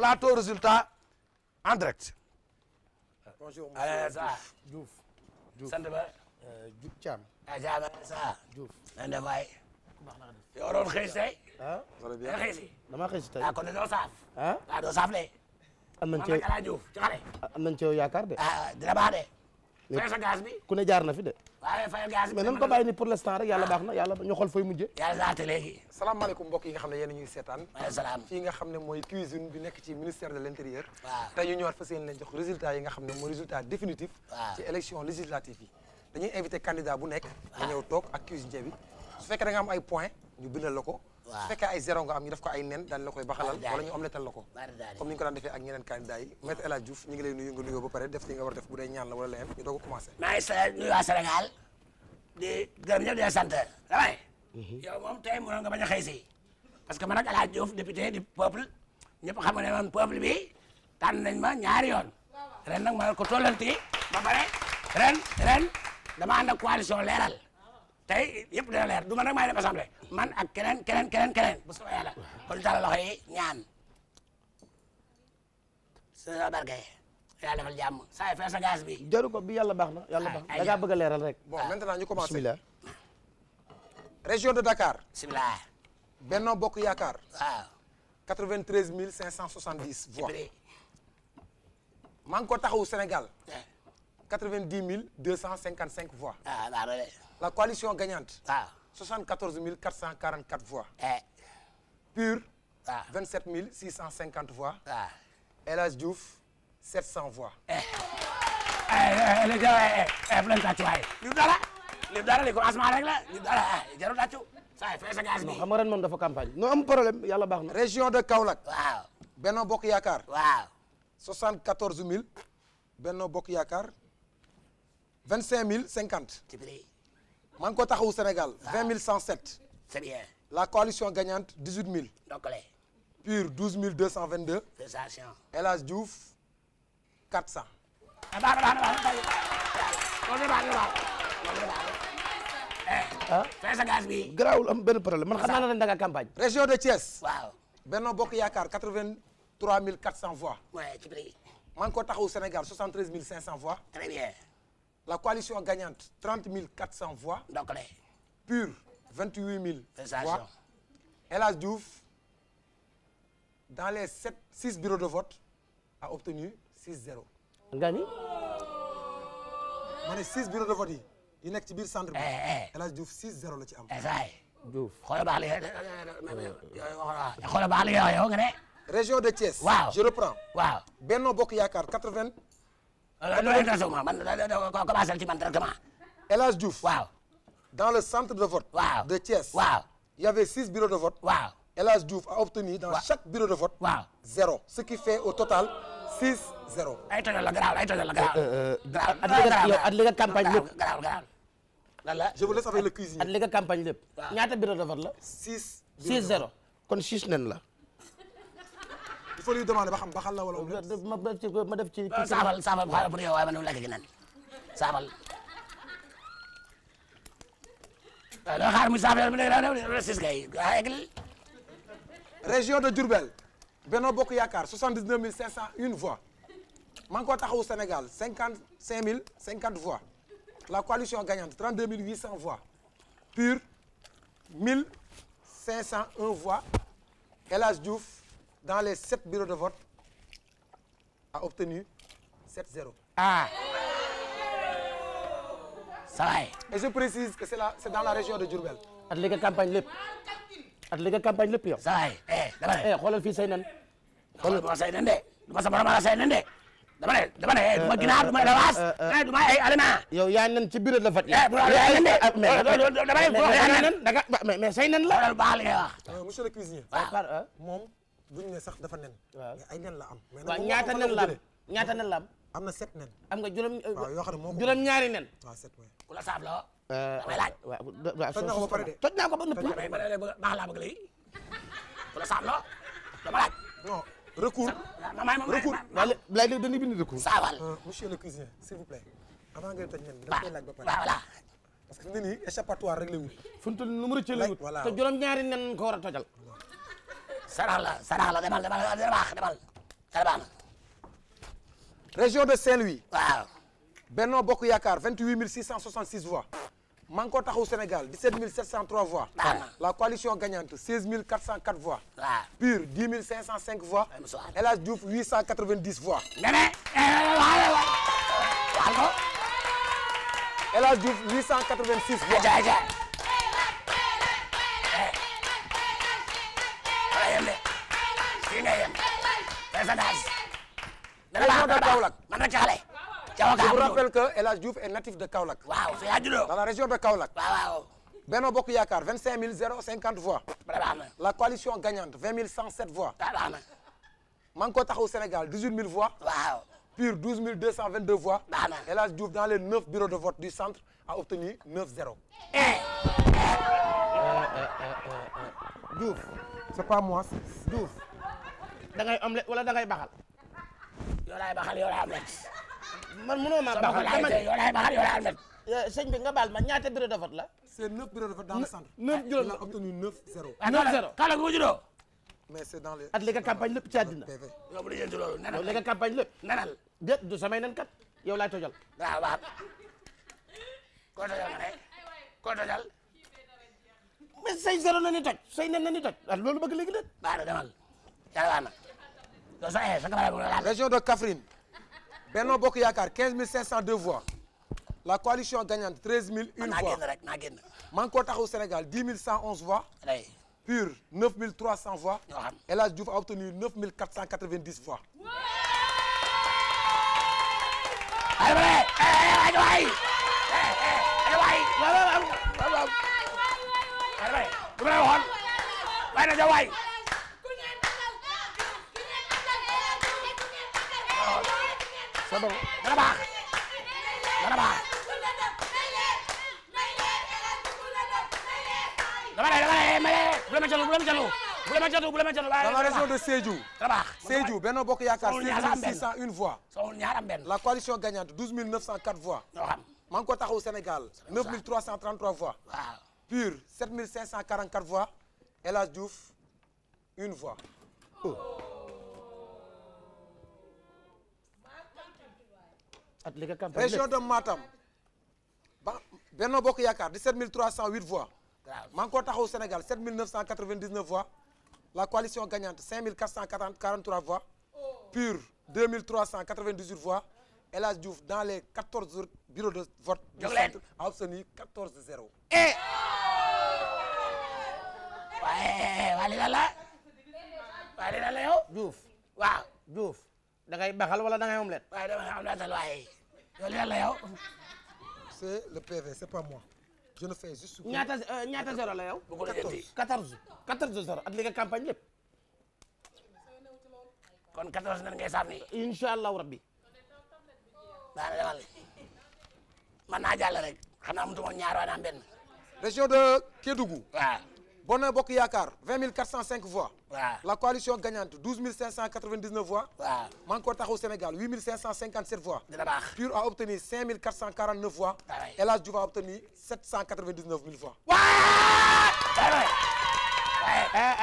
plateau résultat en direct. bonjour monsieur Diouf Diouf sant ba. Euh, Diouf Thiam. Adja ah, Massa. Diouf nan la waay. yow doon xëy si tey. ah dama xëy si. dama xëy si tey ah doo saaf. ah waaw doo saaf de. nañ ci ah, dina baax de. sa bi ku ne jaar na fi de. waaye fayal gaz mais nan ko bàyyi ni pour l'instant rek yàlla ah. baax na yàlla ñu xool fooy mujje yàlla laate léegi yi nga xam ne yéen ñuy seetaan salaam fii nga xam ne mooy cuisine bi nekk ci ministère de l'intérieur waaw tey ñu ñëwaat fas yéene leen jox résultat yi nga xam ne mooy résultat définitif ci élection législative yi dañuy invité candidat bu nekk nga ñëw toog ak cuisinier su fekkee da ay point ñu bindal la ko waaw fekkee ay zéro nga am ñu def ko ay nen daan la koy baxalal wala ñu omletal la ko comme ni ñu ko daan defee ak ñeneen candidat yi Maître El Hadj Diouf ñu ngi lay nuyu nga nuyoo ba pare def li nga war def bu dee ñaan la wala leneen ñu doog a commencé maa ngi sa nuyu waa Sénégal di gërëm ñëpp di la sant damay mhm. yow moom tey mënoon nga bañ a xëy si parce que man ak El Hadj Diouf député du peuple ñëpp xam nga ne man peuple bi tànn nañ ma ñaari yoon ren nag ma ko tollanti ba pare ren ren dama ànd ak coalition leeral tey yëpp dina leer du man rek maay dem man ak keneen keneen keneen keneen bu soobee yàlla kon taal loxo yi ñaan sa barke yàlla defal jàmm saa fee sa gaz bi jaru bi yàlla baax na yàlla baax na da ngaa bëgg a leeral rek bon maintenant ñu commencé bismillah région de Dakar bismillah Benno Bokk Yaakaar waaw 93 570 voix ngi ko taxawu Sénégal 90 255 voix waaw ah, la coalition gagnante. waaw ah. soixante quatorze mille quatre cent quarante quatre voix. Eh. pur. waaw ah. vingt sept mille six cent cinquante voix. waaw ah. El Hadj Diouf sept cent voix. Eh. Eh, li dara li dara li commencement rek la li dara jarul tàccu saa fee sa gaz bi. non xam nga ren moom dafa campagne no am problème yàlla baax na. région de Kaolack. waaw Benno Bokk Yaakaar. waaw soixante quatorze mille Benno Bokk Yaakaar vingt cinq mille cinquante. ci prix man ko taxawu Sénégal. Ah. vingt mille cent sept. c'est bien. la coalition gagnante dix huit mille. Ndokale. PUR douze mille deux cent vingt deux. sensation. El Hadj Diouf quatre cent. ah. fay sa gaz bi. man xam ne da campagne. région de Thiès. waaw Benno Bokk Yaakaar quatre vingt trois mille quatre cent voix. waaye ci prix. man ko taxawu Sénégal soixante treize mille cinq cent voix. très la coalition gagnante 30 400 voix. donc les. PUR 28 000 voix. El Hadj Diouf dans les sept six bureaux de vote a obtenu 6-0. nga ni. de vote yi yi nekk ci biir centre bi. Eh, eh. El Hadj Diouf 6 la ci am. Eh, Diouf xoolal baax na xoolal baax na yow nga ne. région de Thiès. je reprends. Benno Bokk Yaakaar loolu intéressé wu ma man commencé ci man directement. El Hadj Diouf. waaw dans le centre de vote. waaw de a obtenu dans de vote. waaw zéro ce qui fait la garaaw ay eh, eh, eh, li nga la je vous laisse avec li nga campagne lépp. ñaata bureau la. six. six zéro kon six nen la. il faut lui demander ba xam baxal la wala. ma def ci ma def ci. saabal saabal xaaral bu ne yow waaye man dama lekk gi naan saabal. waaw dama xaar muy saabal mu ne la ne région de Diourbel Benno Bokk Yaakaar voix Manko Taxawu Sénégal voix la coalition gagnante voix PUR voix El Hadj dans les sept bureaux de vote a obtenu 7-0. ah. ça va. et je précise que c'est la dans la région de Diourbel. at li nga campagne lépp. at li nga campagne lépp yow. ça va eh dama ne. eh say nen. xoolal ma say nen de. du ma sa borom nen de. dama ne dama ne eh, du ma euh, ginaar du ma euh, lawaas. Euh, eh, ay aliment. yow yaa nen ci bureau de vote yi. Eh, mais say nen la. monsieur le buñ ne sax dafa nen. waaw ay nen la am. mais nag ñaata nen la am ñaata nen la am. am na sept nen. am nga juróom waaw yoo xam ne moo ko juróom ñaari nen. waaw sept waay ku la saab euh, toj naa ko ba pare de. toj naa ko ba noppi. damay damay baax laa bëgg léegi ku la saab la dama laaj. non recours. damay moom recours waaw lay léegi dañuy euh, le cuisinier s'il vous plaît. avant ngay toj nen bi dama koy laaj ba pare. que fi mu ne nii échappatoire wut. funtul numéro ci la wut. voilà te juróom ñaari nen ko war a tojal. sarax la sarax la demal demal dina baax demal dina baax na. région de Saint-Louis. waaw. Benno Bokk Yaakaar 28 Manko Taxawu Sénégal 17 la coalition gagnante 16 404 voix. waaw PUR 10 505 voix. El Hadj Diouf 890 voix. nee eh, eh, eh, El Hadj Diouf 886 voix. Kébé fii nga yem personnage. dana baax dana baax man nag caale. cawa kaa am je vous rappelle que El Hadj Diouf est natif de Kaolack. waaw fi laa juddoo. dans la région de Kaolack. waaw. Benno Bokk Yaakaar 25 050 voix. la coalition gagnante 20 107 voix. Manko Taxawu Sénégal 18 000 voix. waaw. PUR 12 222 voix. El dans les 9 de vote du centre a obtenu 9-0. Diouf c'est pas moi Diouf da ngay omelette wala da ngay baxal yoo laay baxal yoo laay omelette man mënoo maa baxal dama ne yoo laay baxal yoo laay omelette eh, sëñ nga baal ma ñaata bureau de vote la c'est neuf bureau de vote dans le centre neuf bureau la obtenu neuf zéro ah, neuf zéro kala nga juddoo mais at li nga campagne lépp ci àddina yow bu la jël loolu nanal li nga campagne lépp nanal déet du samay nan kat yow laay tojal waaw waaw mais say zéro na ni toj say nen na ni toj waaw ah, loolu bëgg léegi nag baax na demal yàlla na yow sa sa kabaar région de Kaffrine Benno Bokk Yaakaar 15502 voix la coalition gagnante 13001 voix naa génn rek naa génn Manko Taxawu Sénégal 10111 voix PUR 9300 voix El Hadj Diouf a obtenu 9490 voix ay eh, eh, waay waaye du ma la waxoon waaye na ca waay. dana baax dana baax dama ne dama ne mais bu la ma jëloon bu la ma jëloon bu la ma jëloon bu la ma jëloon. dans la région de Sédhiou. dana baax Sédhiou Benno Bokk Yaakaar. soxul ñaar am benn 601 voix. soxul ñaar am benn. la coalition gagnante 12 904 voix. ñoo xam maa ngi ko taxawu Sénégal. 9 333 voix. waaw. PUR 7544 voix El Hadj Diouf une voix. Oh. région de Matam ba Benno Bokk Yaakaar 17308 voix. waaw maa ngi ko taxaw Sénégal 7999 voix la coalition gagnante 5443 voix. PUR 2398 voix El Hadj Diouf dans les 14 bureaux de vote. du centre a obtenu 14 0. et. waaye eh, waa li la la waa li la la yow. Diouf waaw Diouf da ngay baxal wala da ngay omelette. waaye dama am naatal waaye yow li la la yow. c'est le PV c'est pas moi. je ne fais juste. ñaata euh, ñaata zéro la yow. bu ko defee 14 14 zéro at li nga campagne lépp. kon 14 nan ngay sànni. incha allahu rabbi. daanaka demal man naa jàll rek xanaa mu tudd woon ñaar waa naam benn. région de Kédougou. waaw. Benno Bokk Yaakaar 20 405 voix. waaw la coalition gagnante 12 599 voix. waaw Manko Taxawu Sénégal 8 557 voix. dina a obtenu 5 449 voix. waay El Hadj Diouf a obtenu 799 000 voix. waay waay waay waay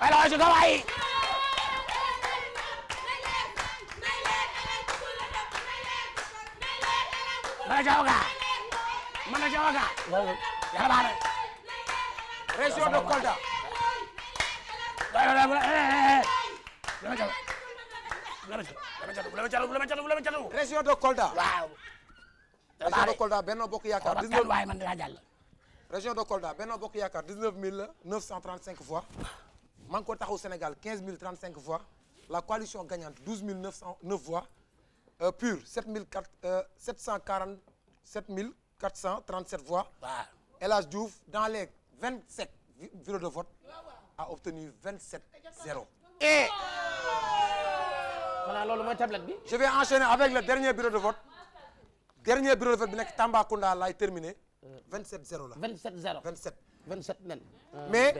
waay waay waay waay Yarbaale région de Kolda région de Kolda waaw région de Kolda Benno Bokk Yaakaar dix-neuf de Kolda Benno Bokk Yaakaar dix-neuf mille neuf cent trente-cinq fois Manko Taxawu Sénégal quinze mille trente-cinq fois la coalition gagnante douze mille neuf cent neuf euh, pur sept mille quatre euh, sept cent mille quatre trente-sept fois El Hadj Diouf dans les vingt sept bureaux de vote a obtenu vingt sept zéro. et. voilà loolu mooy tablette bi. je vais enchaîner avec le dernier bureau de vote dernier bureau de vote bi nekk Tambacounda laay terminer. 27 0 la 27 0 27. 27 nen. mais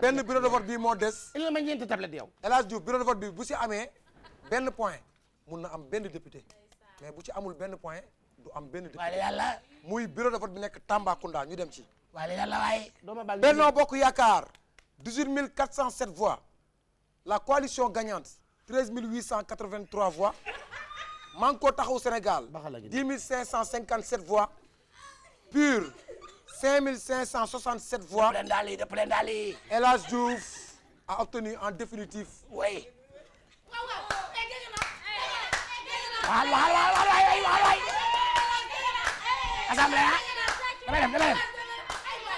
benn bureau de vote bi moo des. il la ma ñeenti tablette yow. El Hadj Diouf bureau de vote si amee benn point mun na am benn député mais bu ci amul benn point. du am benn dëkk. yàlla. muy bureau de vote bi nekk Tambacounda ñu dem ci. waaye yàlla waaye. doomu bal Benno Bokk Yaakaar 18 407 voix la coalition gagnante 13 883 voix Manko Taxawu Sénégal 10 557 voix PUR 5 567 voix El Hadj Diouf a obtenu en définitif. oui. assemblée ah damay dem damay dem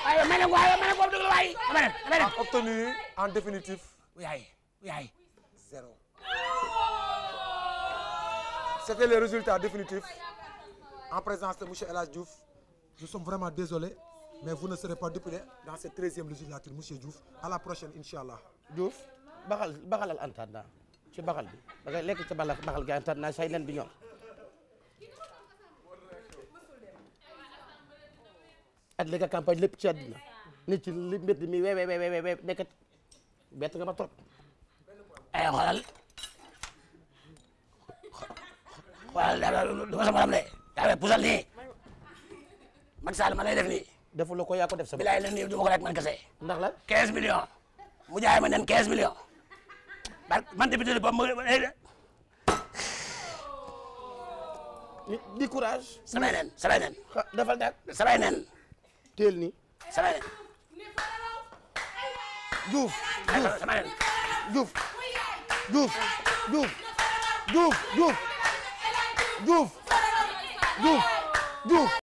waaye ma ne waaye ma ne boobu dëgg la waaye damay dem damay dem. obtenu en définitif. yaay yaay. zéro. c'était les résultats définitifs en présence de monsieur El Hadj Diouf nous sommes vraiment désolés mais vous ne serez pas député dans cette treizième législature monsieur Diouf à la prochaine incha allah. Diouf baxal baxalal antaan naa ci baxal bi da ngay lekk ci baxal baxal gi antaan naa say nen bi ñor. at li nga campagne lépp ci àddina nit ci li mbedd mi wee wee wee wee nekkat bett nga ma trop ay eh, xoolal xoolal du ma sa morom de yaa ngi pusal nii Macky Sall ma lay def nii defu ko yaa ko def sa bilaay len nii du ma rek man kese ndax la 15 millions mu jaay ma nen 15 millions man député la boobu ma di courage nen samay nen dafal daal samay nen teel ni sama leen Diouf Diouf Diouf Diouf Diouf Diouf Diouf Diouf Diouf